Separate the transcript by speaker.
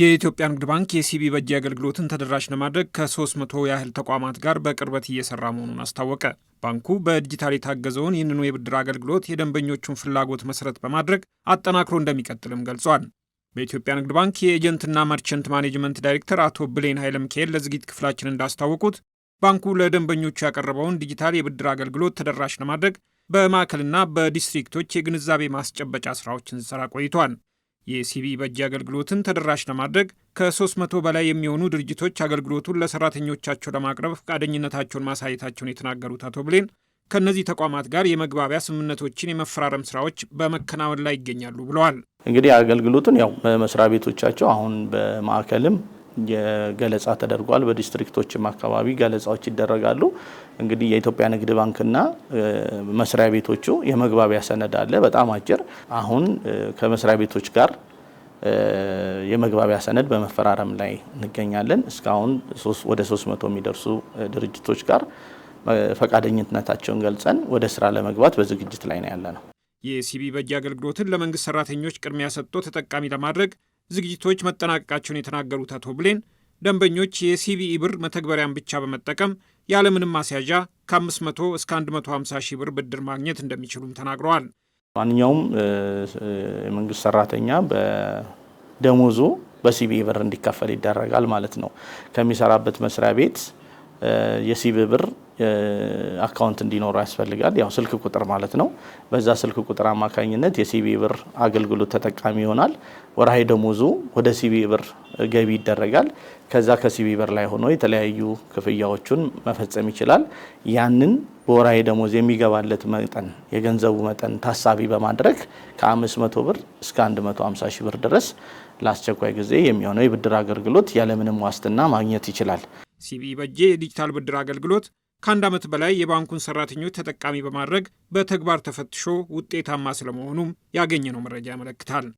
Speaker 1: የኢትዮጵያ ንግድ ባንክ የሲቢ በጄ አገልግሎትን ተደራሽ ለማድረግ ከ300 ያህል ተቋማት ጋር በቅርበት እየሰራ መሆኑን አስታወቀ። ባንኩ በዲጂታል የታገዘውን ይህንኑ የብድር አገልግሎት የደንበኞቹን ፍላጎት መሰረት በማድረግ አጠናክሮ እንደሚቀጥልም ገልጿል። በኢትዮጵያ ንግድ ባንክ የኤጀንትና መርቸንት ማኔጅመንት ዳይሬክተር አቶ ብሌን ኃይለ ሚካኤል ለዝግጅት ክፍላችን እንዳስታወቁት ባንኩ ለደንበኞቹ ያቀረበውን ዲጂታል የብድር አገልግሎት ተደራሽ ለማድረግ በማዕከልና በዲስትሪክቶች የግንዛቤ ማስጨበጫ ስራዎችን ሲሰራ ቆይቷል። የሲቢ በእጅ አገልግሎትን ተደራሽ ለማድረግ ከ300 በላይ የሚሆኑ ድርጅቶች አገልግሎቱን ለሰራተኞቻቸው ለማቅረብ ፈቃደኝነታቸውን ማሳየታቸውን የተናገሩት አቶ ብሌን ከእነዚህ ተቋማት ጋር የመግባቢያ ስምምነቶችን የመፈራረም ስራዎች በመከናወን ላይ ይገኛሉ ብለዋል።
Speaker 2: እንግዲህ አገልግሎቱን ያው በመስሪያ ቤቶቻቸው አሁን በማዕከልም የገለጻ ተደርጓል። በዲስትሪክቶችም አካባቢ ገለጻዎች ይደረጋሉ። እንግዲህ የኢትዮጵያ ንግድ ባንክና መስሪያ ቤቶቹ የመግባቢያ ሰነድ አለ፣ በጣም አጭር። አሁን ከመስሪያ ቤቶች ጋር የመግባቢያ ሰነድ በመፈራረም ላይ እንገኛለን። እስካሁን ወደ 300 የሚደርሱ ድርጅቶች ጋር ፈቃደኝነታቸውን ገልጸን ወደ ስራ ለመግባት በዝግጅት ላይ ነው ያለ ነው።
Speaker 1: የሲቢ በጊ አገልግሎትን ለመንግስት ሰራተኞች ቅድሚያ ሰጥቶ ተጠቃሚ ለማድረግ ዝግጅቶች መጠናቀቃቸውን የተናገሩት አቶ ብሌን ደንበኞች የሲቢኢ ብር መተግበሪያን ብቻ በመጠቀም ያለምንም ማስያዣ ከ500 እስከ 150 ሺህ ብር ብድር ማግኘት እንደሚችሉም ተናግረዋል።
Speaker 2: ማንኛውም የመንግስት ሰራተኛ በደሞዙ በሲቢኢ ብር እንዲከፈል ይደረጋል ማለት ነው። ከሚሰራበት መስሪያ ቤት የሲቢኢ ብር አካውንት እንዲኖሩ ያስፈልጋል። ያው ስልክ ቁጥር ማለት ነው። በዛ ስልክ ቁጥር አማካኝነት የሲቢ ብር አገልግሎት ተጠቃሚ ይሆናል። ወርሃዊ ደሞዙ ወደ ሲቢ ብር ገቢ ይደረጋል። ከዛ ከሲቢ ብር ላይ ሆኖ የተለያዩ ክፍያዎቹን መፈጸም ይችላል። ያንን በወርሃዊ ደሞዝ የሚገባለት መጠን የገንዘቡ መጠን ታሳቢ በማድረግ ከ500 ብር እስከ 150 ሺህ ብር ድረስ ለአስቸኳይ ጊዜ የሚሆነው የብድር አገልግሎት ያለምንም ዋስትና ማግኘት ይችላል።
Speaker 1: ሲቢ በጄ የዲጂታል ብድር አገልግሎት ከአንድ ዓመት በላይ የባንኩን ሰራተኞች ተጠቃሚ በማድረግ በተግባር ተፈትሾ ውጤታማ ስለመሆኑም ያገኘነው መረጃ ያመለክታል።